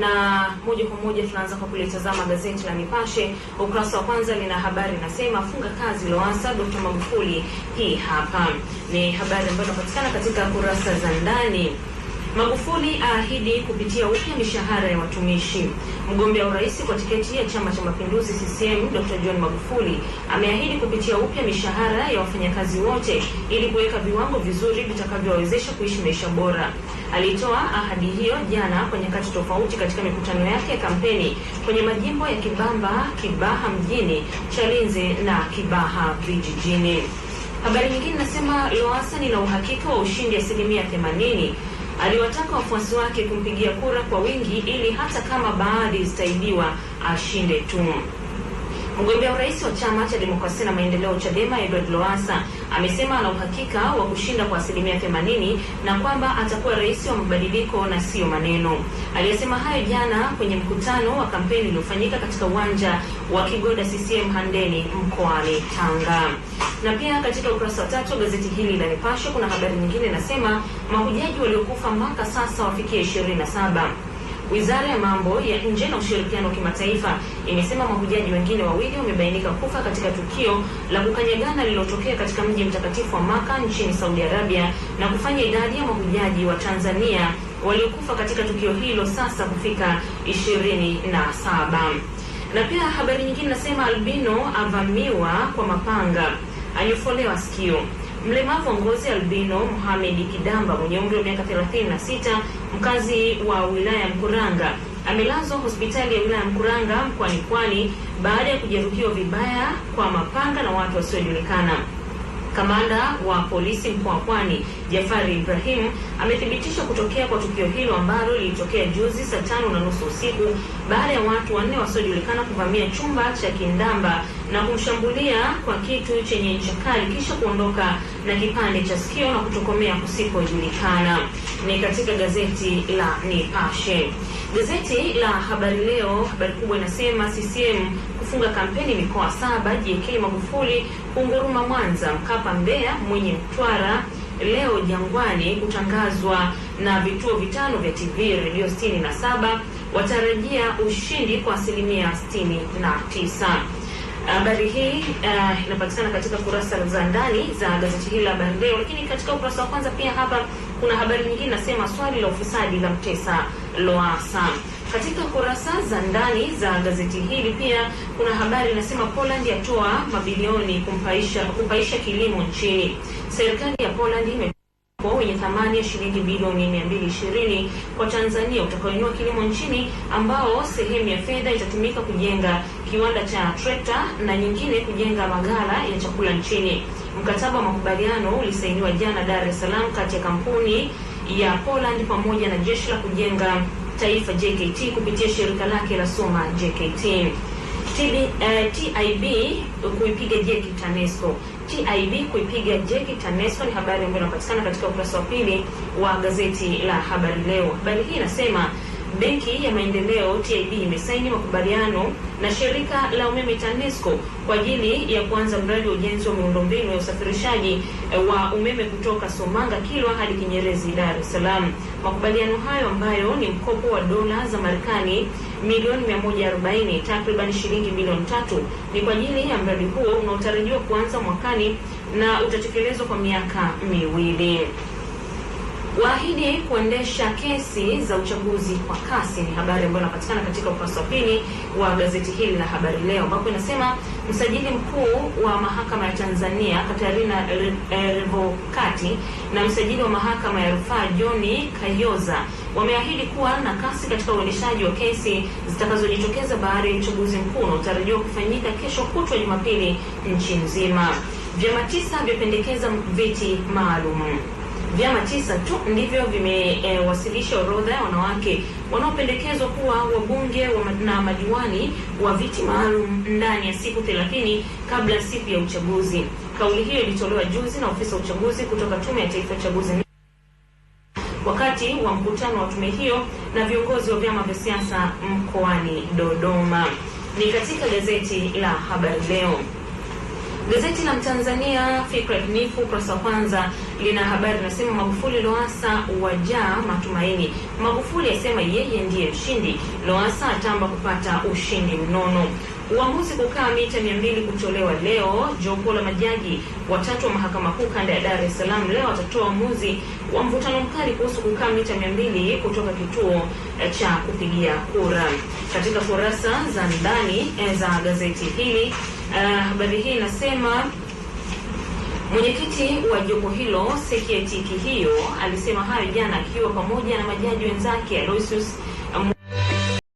na moja kwa moja tunaanza kwa kulitazama gazeti la Nipashe. Ukurasa wa kwanza lina habari inasema, funga kazi Lowassa, Dr. Magufuli. Hii hapa ni habari ambayo inapatikana katika kurasa za ndani. Magufuli aahidi kupitia upya mishahara ya watumishi. Mgombea urais kwa tiketi ya Chama cha Mapinduzi CCM Dr. John Magufuli ameahidi kupitia upya mishahara ya wafanyakazi wote ili kuweka viwango vizuri vitakavyowawezesha kuishi maisha bora. Alitoa ahadi hiyo jana kwa nyakati tofauti katika mikutano yake ya kampeni kwenye majimbo ya Kibamba, Kibaha mjini, Chalinze na Kibaha vijijini. Habari nyingine nasema Lowassa ni na uhakika wa ushindi asilimia 80 aliwataka wafuasi wake kumpigia kura kwa wingi ili hata kama baadhi zitaibiwa ashinde tu. Mgombea urais wa chama cha demokrasia na maendeleo Chadema Edward Lowassa amesema ana uhakika wa kushinda kwa asilimia 80 na kwamba atakuwa rais wa mabadiliko na sio maneno. Aliyesema hayo jana kwenye mkutano wa kampeni uliofanyika katika uwanja wa Kigoda CCM Handeni mkoani Tanga. Na pia katika ukurasa wa tatu gazeti hili la Nipashe kuna habari nyingine inasema mahujaji waliokufa mpaka sasa wafikia 27. Wizara ya mambo ya nje na ushirikiano wa kimataifa imesema mahujaji wengine wawili wamebainika kufa katika tukio la kukanyagana lililotokea katika mji mtakatifu wa Maka nchini Saudi Arabia na kufanya idadi ya mahujaji wa Tanzania waliokufa katika tukio hilo sasa kufika ishirini na saba. Na pia habari nyingine nasema albino avamiwa kwa mapanga, anyofolewa sikio. Mlemavu wa ngozi albino Mohamed Kidamba mwenye umri wa miaka 36 mkazi wa wilaya ya Mkuranga amelazwa hospitali ya wilaya ya Mkuranga mkoani Pwani baada ya kujeruhiwa vibaya kwa mapanga na watu wasiojulikana. Kamanda wa polisi mkoa wa Pwani Jafari Ibrahim amethibitisha kutokea kwa tukio hilo ambalo lilitokea juzi saa tano na nusu usiku baada ya watu wanne wasiojulikana kuvamia chumba cha Kindamba na kumshambulia kwa kitu chenye ncha kali kisha kuondoka na kipande cha sikio na kutokomea kusikojulikana. Ni katika gazeti la Nipashe. Gazeti la Habari Leo, habari kubwa inasema CCM kufunga kampeni mikoa saba, JK Magufuli kunguruma Mwanza, Mkapa hapa Mbeya mwenye Mtwara leo Jangwani kutangazwa na vituo vitano vya TV redio 67 na saba watarajia ushindi kwa asilimia 69 na tisa. Habari hii uh, inapatikana katika kurasa za ndani za gazeti hili la Habari Leo, lakini katika ukurasa wa kwanza pia hapa kuna habari nyingine inasema swali la ufisadi la mtesa loasa katika kurasa za ndani za gazeti hili pia kuna habari inasema Poland yatoa mabilioni kumpaisha, kumpaisha kilimo nchini. Serikali ya Poland ime kwa wenye thamani ya shilingi bilioni 220 kwa Tanzania utakaoinua kilimo nchini, ambao sehemu ya fedha itatumika kujenga kiwanda cha trekta na nyingine kujenga maghala ya chakula nchini. Mkataba wa makubaliano ulisainiwa jana Dar es Salaam kati ya kampuni ya Poland pamoja na jeshi la kujenga Taifa JKT kupitia shirika lake la Soma JKT. eh, TIB kuipiga jeki TANESCO. TIB kuipiga jeki TANESCO ni habari ambayo inapatikana katika ukurasa wa pili wa gazeti la Habari Leo. Habari hii inasema Benki ya Maendeleo TIB imesaini makubaliano na shirika la umeme TANESCO kwa ajili ya kuanza mradi wa ujenzi wa miundombinu ya usafirishaji eh, wa umeme kutoka Somanga Kilwa hadi Kinyerezi, Dar es Salaam. Makubaliano hayo ambayo ni mkopo wa dola za Marekani milioni 140 takriban shilingi bilioni tatu ni kwa ajili ya mradi huo unaotarajiwa kuanza mwakani na utatekelezwa kwa miaka miwili waahidi kuendesha kesi za uchaguzi kwa kasi. Ni habari ambayo inapatikana katika ukurasa wa pili wa gazeti hili la Habari Leo, ambapo inasema msajili mkuu wa mahakama ya Tanzania Katarina eh, Revokati na msajili wa mahakama ya rufaa John Kayoza wameahidi kuwa na kasi katika uendeshaji wa kesi zitakazojitokeza baada ya uchaguzi mkuu unaotarajiwa kufanyika kesho kutwa Jumapili nchi nzima. Vyama tisa vyapendekeza viti maalum vyama tisa tu ndivyo vimewasilisha e, orodha ya wanawake wanaopendekezwa kuwa wabunge wa na madiwani wa viti maalum ndani ya siku 30 kabla siku ya uchaguzi. Kauli hiyo ilitolewa juzi na ofisa uchaguzi kutoka Tume ya Taifa ya Uchaguzi wakati wa mkutano wa tume hiyo na viongozi wa vyama vya siasa mkoani Dodoma. Ni katika gazeti la Habari Leo. Gazeti la Mtanzania Fikra Bunifu ukurasa wa kwanza lina habari inasema, Magufuli loasa wajaa matumaini. Magufuli asema yeye ndiye mshindi, loasa atamba kupata ushindi mnono. Uamuzi kukaa mita mia mbili kutolewa leo. Jopo la majaji watatu wa mahakama kuu kanda ya Dar es Salaam leo watatoa uamuzi wa mvutano mkali kuhusu kukaa mita mia mbili kutoka kituo cha kupigia kura. Katika kurasa za ndani za gazeti hili Eh, habari hii inasema mwenyekiti wa jopo hilo Sekiatiki hiyo alisema hayo jana akiwa pamoja na majaji wenzake Aloysius